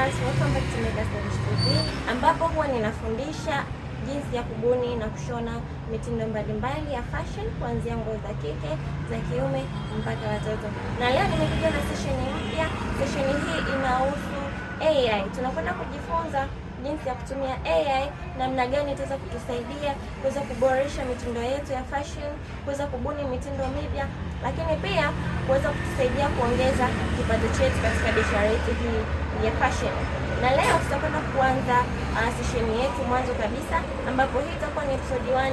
guys, welcome back to Megastarz TV ambapo huwa ninafundisha jinsi ya kubuni na kushona mitindo mbalimbali ya fashion kuanzia nguo za kike, za kiume mpaka watoto. Na leo nimekuja na session mpya. Session hii inahusu AI. Tunakwenda kujifunza jinsi ya kutumia AI, namna gani itaweza kutusaidia kuweza kuboresha mitindo yetu ya fashion, kuweza kubuni mitindo mipya, lakini pia kuweza kutusaidia kuongeza kipato chetu katika biashara yetu hii ya fashion. Na leo tutakwenda kuanza uh, ah, sesheni yetu mwanzo kabisa, ambapo hii itakuwa ni episode 1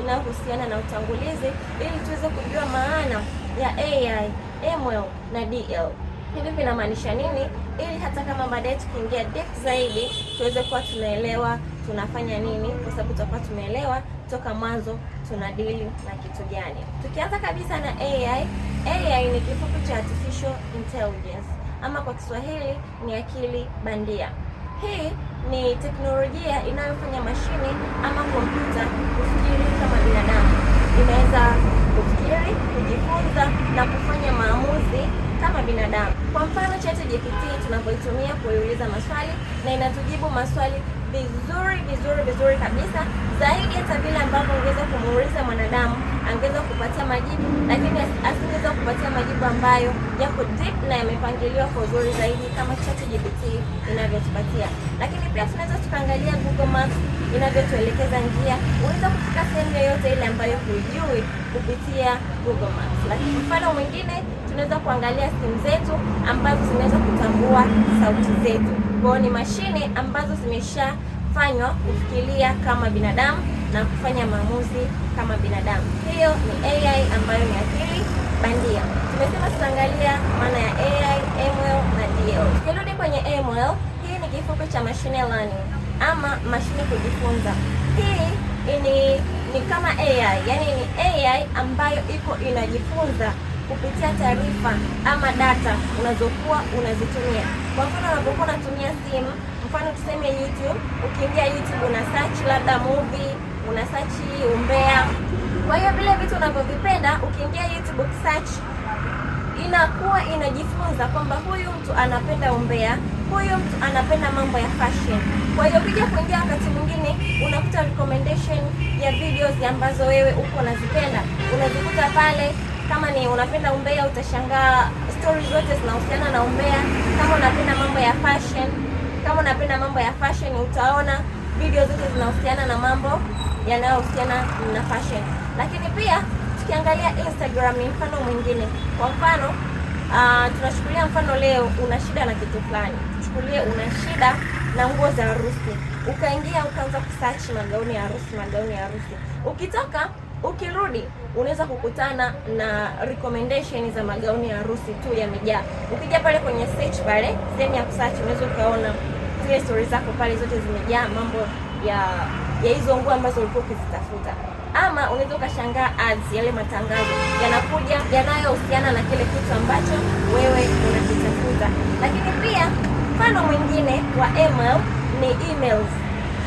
inayohusiana na utangulizi, ili tuweze kujua maana ya AI, ML na DL. Hivi vinamaanisha nini, ili hata kama baadaye tukiingia depth zaidi tuweze kuwa tunaelewa tunafanya nini, kwa sababu tutakuwa tumeelewa toka mwanzo tuna dili na kitu gani. Tukianza kabisa na AI, AI ni kifupi cha artificial intelligence ama kwa Kiswahili ni akili bandia. Hii ni teknolojia inayofanya mashine ama kompyuta kufikiri kama binadamu, inaweza kufikiri, kujifunza na kufanya binadamu. Kwa mfano ChatGPT tunavyoitumia kuiuliza maswali na inatujibu maswali vizuri vizuri vizuri kabisa, zaidi hata vile ambavyo ungeweza kumuuliza mwanadamu angeweza kupatia majibu, lakini as kukupatia majibu ambayo yako deep na yamepangiliwa kwa uzuri zaidi kama ChatGPT inavyotupatia. Lakini pia tunaweza tukaangalia Google Maps inavyotuelekeza njia. Unaweza kufika sehemu yoyote ile ambayo hujui kupitia Google Maps. Lakini mfano mwingine tunaweza kuangalia simu zetu ambazo zinaweza kutambua sauti zetu. Kwa ni mashine ambazo zimeshafanywa kufikiria kama binadamu na kufanya maamuzi kama binadamu. Hiyo ni AI ambayo ni akili bandia tutaangalia maana ya AI, ML na DL. Tukirudi kwenye ML, hii ni kifupi cha machine learning ama mashine kujifunza. Hii ini, ni kama AI, yani ni AI ambayo iko inajifunza kupitia taarifa ama data unazokuwa unazitumia. Kwa mfano, unapokuwa unatumia simu, mfano tuseme YouTube, ukiingia YouTube una search labda movie, una search umbea. Kwa hiyo vile vitu unavyovipenda ukiingia YouTube search inakuwa inajifunza kwamba huyu mtu anapenda umbea, huyu mtu anapenda mambo ya fashion. Kwa hiyo kija kuingia wakati mwingine unakuta recommendation ya videos ambazo wewe uko unazipenda unazikuta pale. Kama ni unapenda umbea, utashangaa stories zote zinahusiana na umbea. Kama unapenda mambo ya fashion, kama unapenda mambo ya fashion, utaona video zote zinahusiana na mambo yanayohusiana na fashion, lakini pia tukiangalia Instagram ni mfano mwingine. Kwa mfano uh, tunachukulia mfano leo una shida na kitu fulani, chukulie una shida na nguo za harusi, ukaingia ukaanza kusearch magauni ya harusi, magauni ya harusi. Ukitoka ukirudi unaweza kukutana na recommendation za magauni ya harusi tu yamejaa. Ukija pale kwenye search pale sehemu ya kusearch, unaweza ukaona zile stories zako pale zote zimejaa mambo ya ya hizo nguo ambazo ulikuwa ukizitafuta ama unaweza ukashangaa ads, yale matangazo yanakuja yanayohusiana na kile kitu ambacho wewe unakitafuta. Lakini pia mfano mwingine wa email ni emails.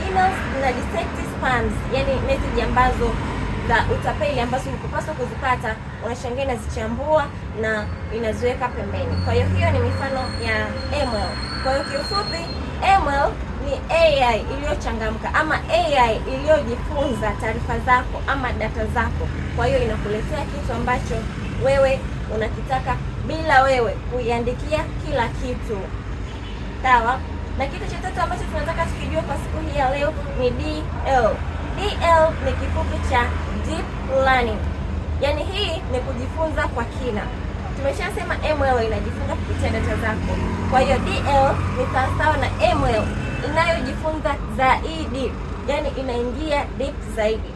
Emails na detect spams, yani message ambazo za utapeli ambazo ukupaswa kuzipata, unashangaa inazichambua na inaziweka pembeni. Kwa hiyo hiyo ni mifano ya email. Kwa hiyo kiufupi email ni AI iliyochangamka ama AI iliyojifunza taarifa zako ama data zako. Kwa hiyo inakuletea kitu ambacho wewe unakitaka bila wewe kuiandikia kila kitu, sawa. Na kitu cha tatu ambacho tunataka tukijua kwa siku hii ya leo ni DL. DL ni kifupi cha deep learning, yaani hii ni kujifunza kwa kina. Tumeshasema ML inajifunza kupitia data zako, kwa hiyo DL ni sawasawa na ML inayojifunza zaidi, yani inaingia deep zaidi.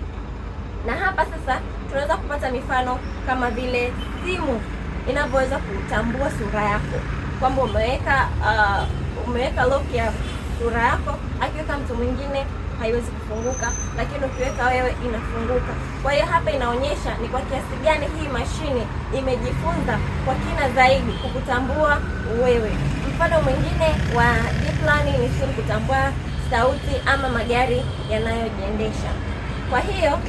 Na hapa sasa tunaweza kupata mifano kama vile simu inavyoweza kutambua sura yako kwamba umeweka uh, umeweka lock ya sura yako, akiweka mtu mwingine haiwezi kufunguka, lakini ukiweka wewe inafunguka. Kwa hiyo hapa inaonyesha ni kwa kiasi gani hii mashine imejifunza kwa kina zaidi kukutambua wewe. Mfano mwingine wa deep learning ni simu kutambua sauti ama magari yanayojiendesha. Kwa hiyo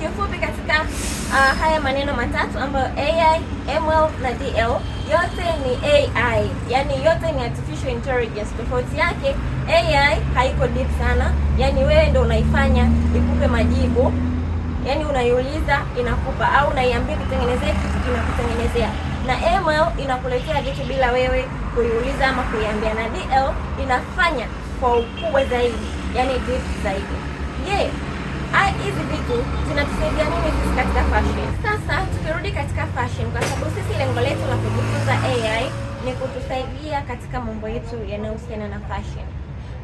kifupi katika uh, haya maneno matatu ambayo AI, ML na DL, yote ni AI, yani yote ni artificial intelligence. Tofauti yake AI haiko deep sana, yani wewe ndio unaifanya ikupe majibu, yani unaiuliza inakupa, au unaiambia kutengenezea kitu inakutengenezea na ML inakuletea vitu bila wewe kuiuliza ama kuiambia, na DL inafanya kwa ukubwa zaidi, yani deep zaidi. Je, hizi vitu zinatusaidia nini sisi katika fashion? Sasa tukirudi katika fashion, kwa sababu sisi lengo letu la kujifunza AI ni kutusaidia katika mambo yetu yanayohusiana na fashion.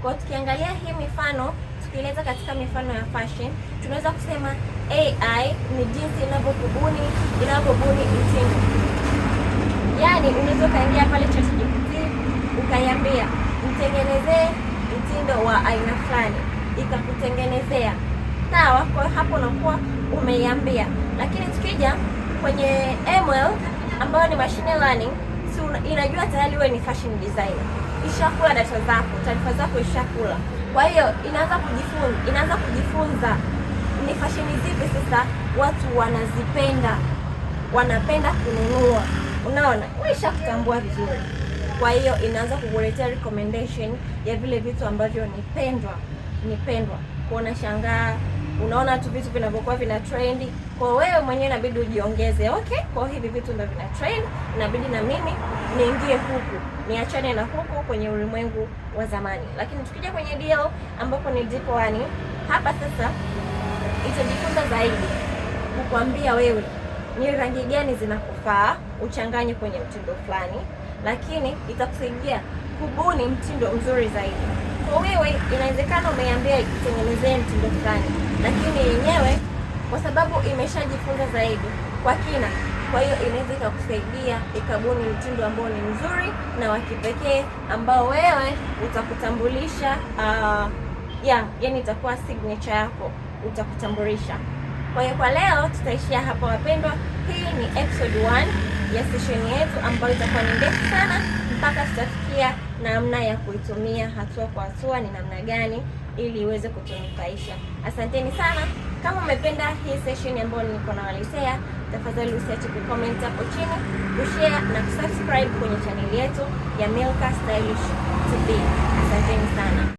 Kwa tukiangalia hii mifano, tukieleza katika mifano ya fashion, tunaweza kusema AI ni jinsi inavyokubuni inavyobuni mtindo gani unaweza ukaingia pale ChatGPT ukaiambia mtengenezee mtindo wa aina fulani, ikakutengenezea. Sawa, kwa hapo unakuwa umeiambia. Lakini tukija kwenye ML ambayo ni machine learning, si inajua tayari wewe ni fashion designer, ishakula data zako, taarifa zako ishakula. Kwa hiyo inaanza kujifunza, inaanza kujifunza ni fashini zipi sasa watu wanazipenda, wanapenda kununua unaona, umeshakutambua vizuri. Kwa hiyo inaanza kukuletea recommendation ya vile vitu ambavyo nipendwa nipendwa kuona shangaa unaona tu vitu vinavyokuwa vina trend. kwa wewe mwenyewe, inabidi ujiongeze, okay, kwa hivi vitu ndio vina trend, inabidi na mimi niingie huku, niachane na huku kwenye ulimwengu wa zamani. Lakini tukija kwenye deal ambapo ni deep one, hapa sasa itajifunza zaidi kukwambia wewe ni rangi gani zinakufaa uchanganye kwenye mtindo fulani, lakini itakusaidia kubuni mtindo mzuri zaidi. Kwa wewe, inawezekana umeambia itengenezee mtindo fulani, lakini yenyewe kwa sababu imeshajifunza zaidi kwa kina, kwa hiyo inaweza ikakusaidia ikabuni mtindo ambao ni mzuri na wa kipekee ambao wewe utakutambulisha uh, ah, yeah, yani itakuwa signature yako, utakutambulisha kwa hiyo kwa leo tutaishia hapa wapendwa. Hii ni episode 1 ya session yetu ambayo itakuwa ni ndefu sana mpaka tutafikia namna ya kuitumia hatua kwa hatua ni namna gani ili iweze kutunufaisha. Asanteni sana. Kama umependa hii session ambayo niko nawaletea, tafadhali usiache comment hapo chini, kushare na kusubscribe kwenye chaneli yetu ya Milka Stylish TV. Asanteni sana.